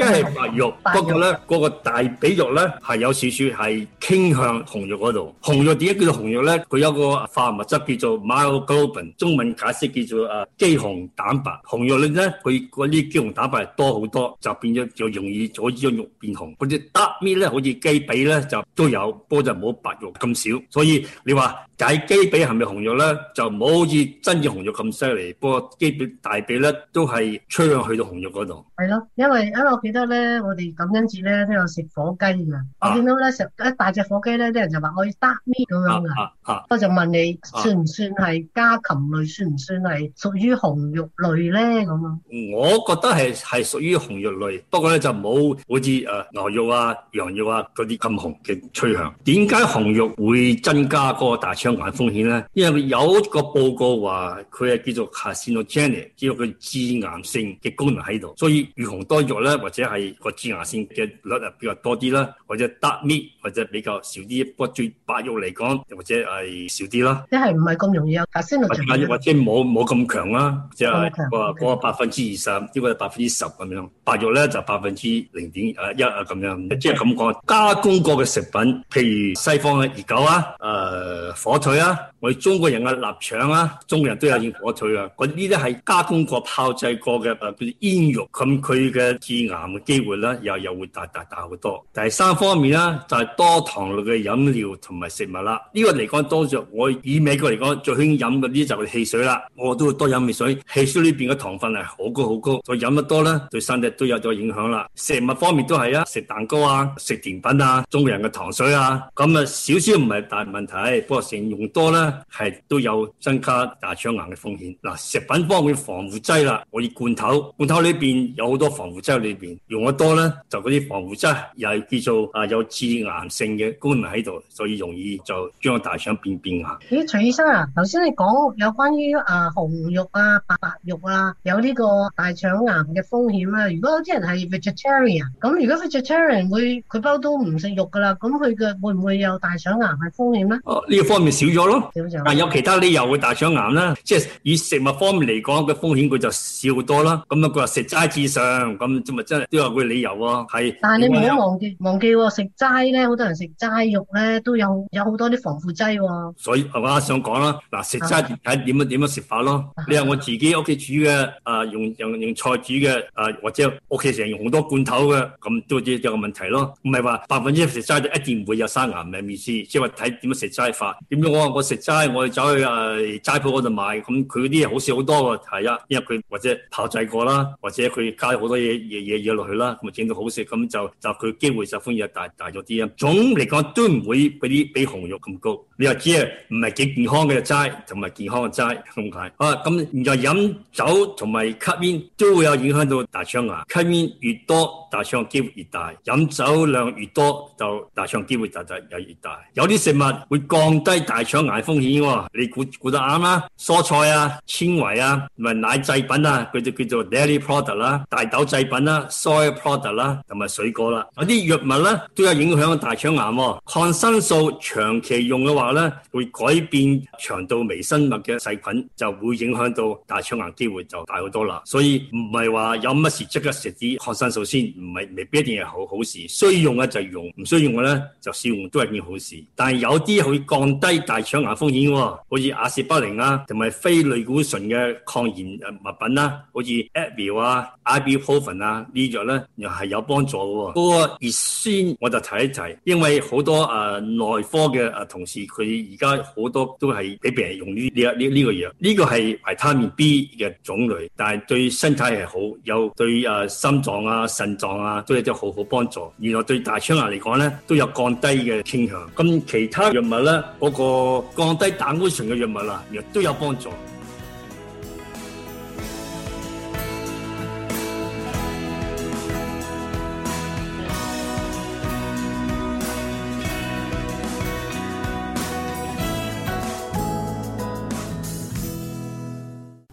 即係白肉，不過咧，嗰個、那個大髀肉咧係有少少係傾向紅肉嗰度。紅肉點解叫做紅肉咧？佢有個化學物質叫做 myoglobin，中文解釋叫做誒肌、啊、紅蛋白。紅肉咧，佢嗰啲肌紅蛋白係多好多，就變咗就容易阻止咗肉變紅。嗰啲側面咧，好似雞髀咧，就都有，不過就冇白肉咁少。所以你話解雞髀係咪紅肉咧？就冇好似真正紅肉咁犀利，不過雞髀大髀咧都係趨向去到紅肉嗰度。係咯，因為，因為記得咧，我哋咁跟住咧都有食火雞嘅。啊、我見到咧食一大隻火雞咧，啲人就話我要打咩咁樣嘅。啊啊啊、我就問你算唔算係家禽類？啊、算唔算係屬於紅肉類咧？咁啊，我覺得係係屬於紅肉類，不過咧就冇好似誒、呃、牛肉啊、羊肉啊嗰啲咁紅嘅趨向。點解紅肉會增加嗰個大腸癌風險咧？因為有一個報告話佢係叫做 carcinogenic，叫佢致癌性嘅功能喺度，所以愈紅多肉咧或者。一係個致癌性嘅率啊，比較多啲啦，或者 dark meat，或者比較少啲。不過對白肉嚟講，或者係少啲啦。即係唔係咁容易有致癌物白肉或者冇冇咁強啦，即係話嗰個百分之二十，這個、呢個係百分之十咁樣。白肉咧就百分之零點一啊咁樣，即係咁講。加工過嘅食品，譬如西方嘅熱狗啊，誒、呃、火腿啊。我哋中國人嘅臘腸啊，中國人都有醃火腿啊，嗰啲咧係加工過、炮製過嘅叫做煙肉。咁佢嘅致癌嘅機會咧，又又會大大大好多。第三方面咧，就係、是、多糖類嘅飲料同埋食物啦。呢、這個嚟講，當著我以美國嚟講，最興飲嘅呢就係汽水啦。我都會多飲汽水，汽水呢面嘅糖分係好高好高，再飲得多咧，對身體都有咗影響啦。食物方面都係啊，食蛋糕啊，食甜品啊，中國人嘅糖水啊，咁啊少少唔係大問題，不過食用多啦係都有增加大腸癌嘅風險。嗱，食品方面防腐劑啦，我哋罐頭，罐頭裏邊有好多防腐劑，裏邊用得多咧，就嗰啲防腐劑又係叫做啊有致癌性嘅功能喺度，所以容易就將大腸變變癌。咦，徐醫生啊，頭先你講有關於啊紅肉啊、白白肉啊，有呢個大腸癌嘅風險啦。如果有啲人係 vegetarian，咁如果 vegetarian 會佢包都唔食肉噶啦，咁佢嘅會唔會有大腸癌嘅風險咧？哦，呢個方面少咗咯。但有其他理由會大腸癌啦，即係以食物方面嚟講，嘅風險佢就少好多啦。咁、嗯、啊，佢話食齋至上，咁咁咪真係都有佢理由喎。但係你唔好麼忘記忘記喎、哦，食齋咧，好多人食齋肉咧，都有有好多啲防腐劑喎、哦。所以係話，想講啦，嗱，食齋要睇點樣點樣食法咯。你話我自己屋企煮嘅啊、呃，用用用菜煮嘅啊、呃，或者屋企成日用好多罐頭嘅，咁都有個問題咯。唔係話百分之一食齋就一定唔會有生癌，唔係意思，即係話睇點樣食齋法，點、嗯、樣我我食。街我哋走去啊，齋、哎、鋪嗰度買，咁佢啲嘢好食好多嘅，係啊，因為佢或者炮製過啦，或者佢加咗好多嘢嘢嘢落去啦，咁整到好食，咁就就佢機會就反而大大咗啲啊。總嚟講都唔會比啲比紅肉咁高。你又知啊，唔係幾健康嘅齋同埋健康嘅齋咁解。啊，咁而就飲酒同埋吸煙都會有影響到大腸癌。吸煙、um、越多，大腸嘅機會越大；飲酒量越多，就大腸嘅機會就就又越大。有啲食物會降低大腸癌風。嘢、哦、你估估得啱啦，啊，蔬菜啊、纖維啊，同埋奶製品啊，佢就叫做 dairy product 啦，啊，大豆製品啦，啊、soy product 啦，啊，同埋水果啦，啊，有啲藥物咧都有影響大腸癌，哦，抗生素長期用嘅話咧，會改變腸道微生物嘅細菌，就會影響到大腸癌機會就大好多啦。所以唔係話有乜事即刻食啲抗生素先，唔係未必一定係好好事。需要用嘅就用，唔需要用嘅咧就少用，都係一件好事。但係有啲會降低大腸癌風險。險，好似阿士匹靈啊同埋非類固醇嘅抗炎物品啦，好似阿維啊、ibuprofen 啊，啊，啊藥呢藥咧，又係有幫助嘅、哦。嗰、那個熱酸我就提一提，因為好多誒、呃、內科嘅誒、呃、同事，佢而家好多都係俾病人用呢呢呢呢個藥。呢、這個係維他命 B 嘅種類，但係對身體係好，有對誒、呃、心臟啊、腎臟啊都有啲好好幫助。然後對大腸癌嚟講咧，都有降低嘅傾向。咁其他藥物咧，嗰、那個肝低膽固醇嘅藥物啦，亦都有幫助。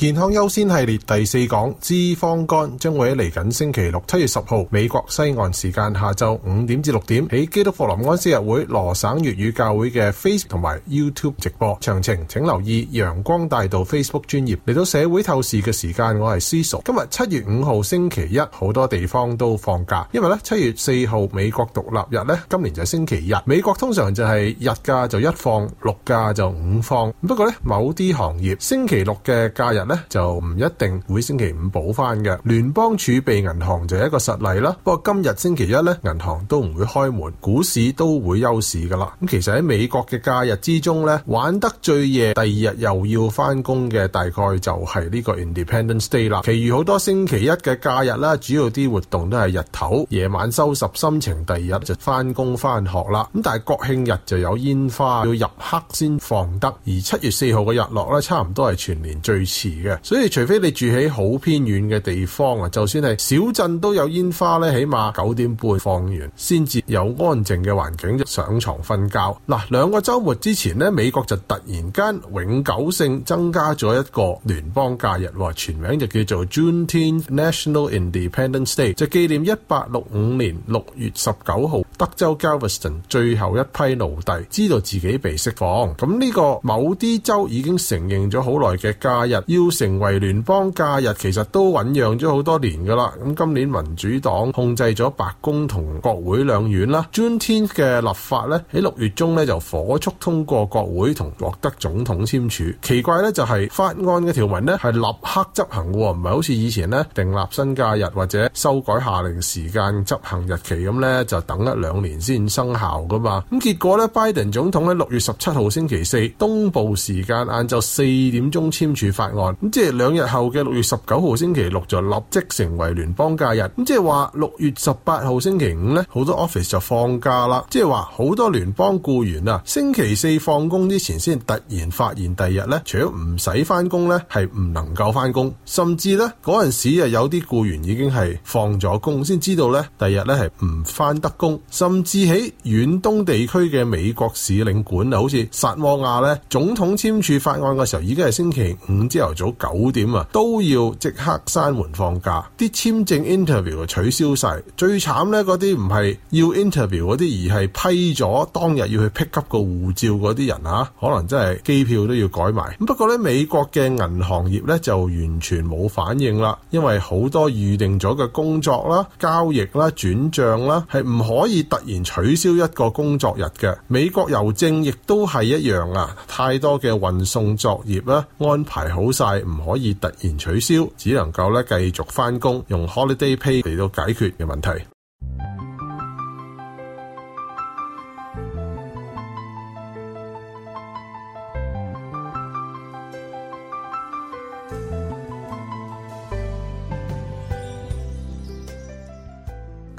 健康優先系列第四講，脂肪肝，將會喺嚟緊星期六七月十號美國西岸時間下晝五點至六點，喺基督復臨安息日會羅省粵語教會嘅 Facebook 同埋 YouTube 直播。詳情，請留意陽光大道 Facebook 專頁。嚟到社會透視嘅時間，我係思熟。今日七月五號星期一，好多地方都放假，因為咧，七月四號美國獨立日咧，今年就星期日。美國通常就係日假就一放，六假就五放。不過咧，某啲行業星期六嘅假日呢，就唔一定會星期五補翻嘅，聯邦儲備銀行就一個實例啦。不過今日星期一呢，銀行都唔會開門，股市都會休市噶啦。咁其實喺美國嘅假日之中呢，玩得最夜，第二日又要翻工嘅，大概就係呢個 Independence Day 啦。其餘好多星期一嘅假日啦，主要啲活動都係日頭，夜晚收拾心情，第二日就翻工翻學啦。咁但係國慶日就有煙花，要入黑先放得。而七月四號嘅日落呢，差唔多係全年最遲嘅，所以除非你住喺好偏遠嘅地方啊，就算係小鎮都有煙花咧，起碼九點半放完先至有安靜嘅環境就上床瞓覺嗱，兩個周末之前咧，美國就突然間永久性增加咗一個聯邦假日喎，全名就叫做 Juneteenth National Independence Day，就紀念一八六五年六月十九號德州 Galveston 最後一批奴隸知道自己被釋放。咁呢個某啲州已經承認咗好耐嘅假日，要。成為聯邦假日其實都醞釀咗好多年噶啦，咁今年民主黨控制咗白宮同國會兩院啦，鑽天嘅立法咧喺六月中咧就火速通過國會同獲得總統簽署。奇怪咧就係法案嘅條文咧係立刻執行的，唔係好似以前咧訂立新假日或者修改夏令時間執行日期咁咧就等一兩年先生效噶嘛。咁結果咧拜登總統喺六月十七號星期四東部時間晏晝四點鐘簽署法案。咁即係兩日後嘅六月十九號星期六就立即成為聯邦假日。咁即係話六月十八號星期五咧，好多 office 就放假啦。即係話好多聯邦僱員啊，星期四放工之前先突然發現呢，第日咧除咗唔使翻工咧，係唔能夠翻工。甚至咧嗰陣時啊，有啲僱員已經係放咗工，先知道咧，第日咧係唔翻得工。甚至喺遠東地區嘅美國使領館啊，好似薩摩亞咧，總統簽署法案嘅時候已經係星期五朝頭早。九點啊都要即刻閂門放假，啲簽證 interview 啊取消晒，最慘咧嗰啲唔係要 interview 嗰啲，而係批咗當日要去 pick up 個護照嗰啲人啊，可能真係機票都要改埋。不過咧美國嘅銀行業咧就完全冇反應啦，因為好多預定咗嘅工作啦、交易啦、轉賬啦係唔可以突然取消一個工作日嘅。美國郵政亦都係一樣啊，太多嘅運送作業啦安排好晒，唔可以突然取消，只能夠咧繼續翻工，用 holiday pay 嚟到解決嘅問題。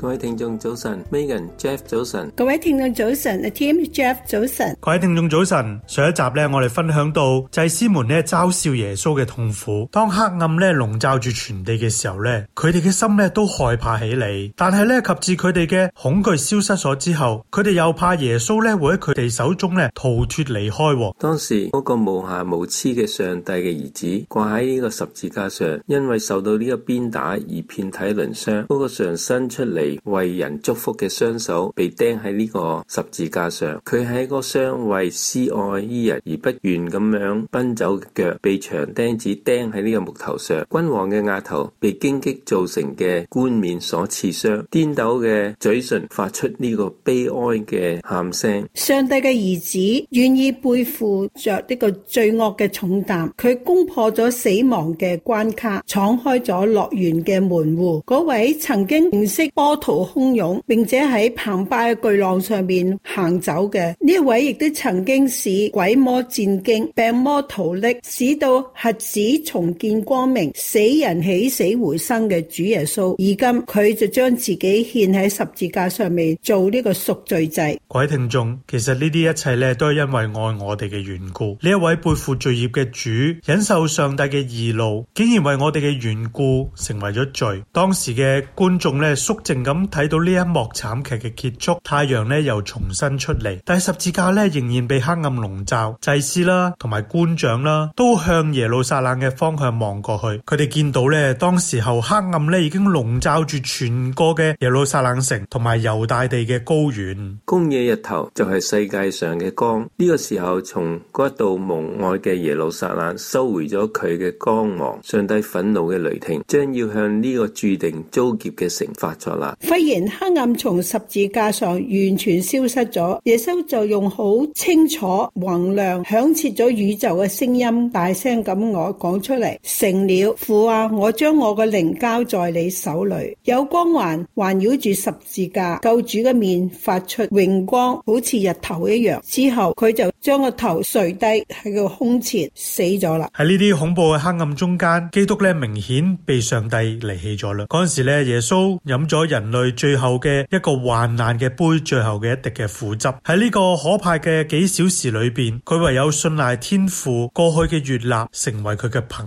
各位聽眾早晨，Megan Jeff 早晨，各位聽眾早晨，A Team Jeff 早晨，各位聽眾早晨。上一集咧，我哋分享到祭司們咧嘲笑耶穌嘅痛苦。當黑暗咧籠罩住全地嘅時候咧，佢哋嘅心咧都害怕起嚟。但係咧，及至佢哋嘅恐懼消失咗之後，佢哋又怕耶穌咧會喺佢哋手中咧逃脫離開。當時嗰個無瑕無疵嘅上帝嘅兒子掛喺呢個十字架上，因為受到呢個鞭打而遍體鱗傷。嗰個上身出嚟。為人祝福嘅雙手被釘喺呢個十字架上，佢喺個雙為思愛伊人而不願咁樣奔走嘅腳被長釘子釘喺呢個木頭上，君王嘅額頭被荊棘造成嘅冠冕所刺傷，顛倒嘅嘴唇發出呢個悲哀嘅喊聲。上帝嘅兒子願意背負着呢個罪惡嘅重擔，佢攻破咗死亡嘅關卡，敞開咗樂園嘅門戶。嗰位曾經認識波濤洶湧，並且喺澎湃巨浪上面行走嘅呢一位，亦都曾經使鬼魔戰驚、病魔逃匿，使到瞎子重見光明、死人起死回生嘅主耶穌。而今佢就將自己獻喺十字架上面做呢個贖罪祭。各位聽眾，其實呢啲一切咧，都係因為愛我哋嘅緣故。呢一位背負罪孽嘅主，忍受上帝嘅義怒，竟然為我哋嘅緣故成為咗罪。當時嘅觀眾咧，肅靜咁睇到呢一幕慘劇嘅結束，太陽呢又重新出嚟，但十字架呢仍然被黑暗籠罩。祭司啦，同埋官長啦，都向耶路撒冷嘅方向望過去。佢哋見到呢，當時候黑暗呢已經籠罩住全個嘅耶路撒冷城同埋猶大地嘅高原。公義日頭就係世界上嘅光。呢、這個時候，從嗰度蒙愛嘅耶路撒冷收回咗佢嘅光芒。上帝憤怒嘅雷霆將要向呢個注定遭劫嘅城發作啦。忽然黑暗從十字架上完全消失咗，耶穌就用好清楚、宏亮、響徹咗宇宙嘅聲音，大聲咁我講出嚟，成了，父啊，我將我嘅靈交在你手裏。有光環環繞住十字架，救主嘅面發出榮光，好似日頭一樣。之後佢就將個頭垂低喺個胸前，死咗啦。喺呢啲恐怖嘅黑暗中間，基督咧明顯被上帝離棄咗啦。嗰陣時咧，耶穌飲咗人類最後嘅一個患難嘅杯，最後嘅一滴嘅苦汁，喺呢個可怕嘅幾小時裏邊，佢唯有信賴天父過去嘅閱歷成為佢嘅憑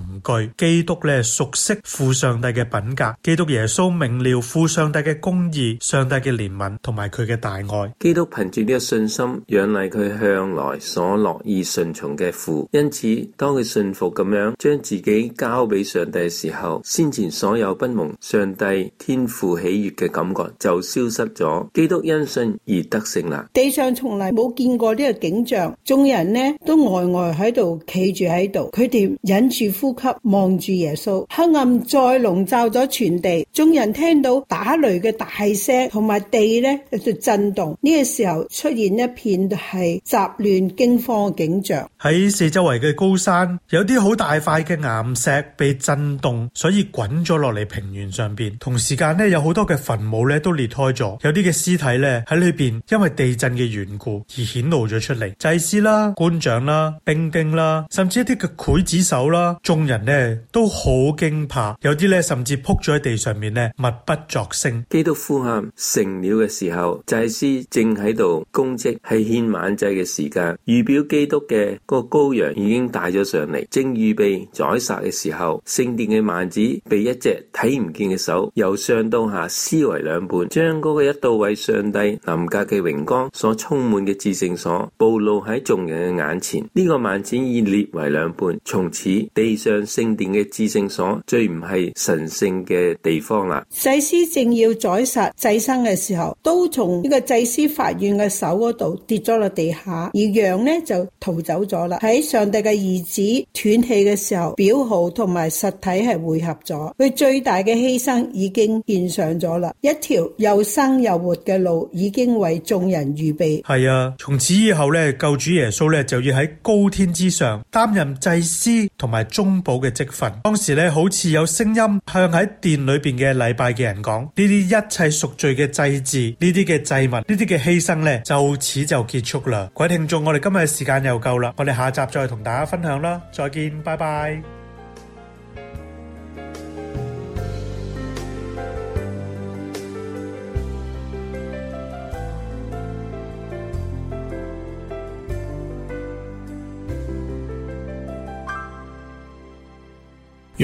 據。基督咧熟悉父上帝嘅品格，基督耶穌明了父上帝嘅公義、上帝嘅憐憫同埋佢嘅大愛。基督憑住呢個信心，仰賴佢向來所樂意順從嘅父。因此，當佢信服咁樣將自己交俾上帝嘅時候，先前所有不蒙上帝天父喜悅嘅感覺就消失咗，基督因信而得勝啦。地上從來冇見過呢個景象，眾人呢都呆呆喺度企住喺度，佢哋忍住呼吸望住耶穌。黑暗再籠罩咗全地，眾人聽到打雷嘅大聲，同埋地呢就震動。呢個時候出現一片係雜亂驚慌嘅景象，喺四周圍嘅高山有啲好大塊嘅岩石被震動，所以滾咗落嚟平原上邊。同時間呢有好多嘅墳。墳墓咧都裂開咗，有啲嘅屍體咧喺裏邊，因為地震嘅緣故而顯露咗出嚟。祭司啦、官長啦、兵丁啦，甚至一啲嘅劊子手啦，眾人呢都好驚怕，有啲咧甚至撲咗喺地上面咧，默不作聲。基督呼喊「成了」嘅時候，祭司正喺度供職，係獻晚祭嘅時間，預表基督嘅嗰個羔羊已經帶咗上嚟，正預備宰殺嘅時候，聖殿嘅幔子被一隻睇唔見嘅手由上到下撕為兩半，將嗰個一度為上帝臨格嘅榮光所充滿嘅至聖所，暴露喺眾人嘅眼前。呢、這個幔子已裂為兩半，從此地上聖殿嘅至聖所，最唔係神聖嘅地方啦。祭司正要宰殺祭牲嘅時候，都從呢個祭司法院嘅手嗰度跌咗落地下，而羊呢就逃走咗啦。喺上帝嘅兒子斷氣嘅時候，表號同埋實體係匯合咗，佢最大嘅犧牲已經獻上咗啦。一條又生又活嘅路已經為眾人預備。係啊，從此以後咧，救主耶穌咧就要喺高天之上擔任祭司同埋中保嘅職分。當時咧，好似有聲音向喺殿裏邊嘅禮拜嘅人講：呢啲一切贖罪嘅祭祀，呢啲嘅祭物，呢啲嘅犧牲咧，就此就結束啦。各位聽眾，我哋今日嘅時間又夠啦，我哋下集再同大家分享啦，再見，拜拜。